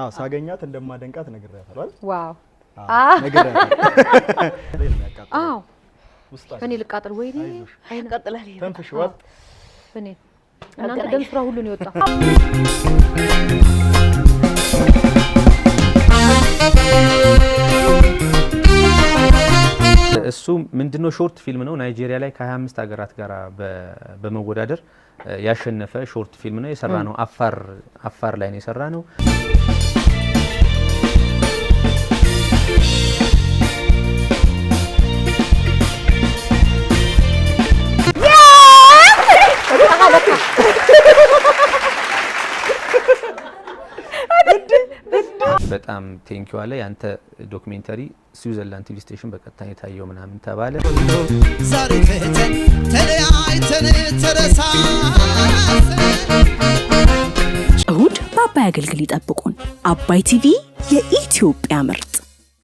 አዎ ሳገኛት እንደማደንቃት ነግሬያታለሁ አይደል? ዋው አዎ ነግሬያታለሁ። አዎ በእኔ ልቃጥል ወይ ቀጥላል። ተንፍሽ ዋጥ በእኔ እናንተ ደም ስራ ሁሉ ነው የወጣው። እሱ ምንድነው ሾርት ፊልም ነው። ናይጄሪያ ላይ ከ25 ሀገራት ጋር በመወዳደር ያሸነፈ ሾርት ፊልም ነው የሰራ ነው። አፋር አፋር ላይ ነው የሰራ ነው። በጣም ቴንኪ አለ። ያንተ ዶክሜንተሪ ስዊዘርላንድ ቲቪ ስቴሽን በቀጥታ የታየው ምናምን ተባለ። እሁድ በአባይ አገልግል ይጠብቁን። አባይ ቲቪ የኢትዮጵያ ምርት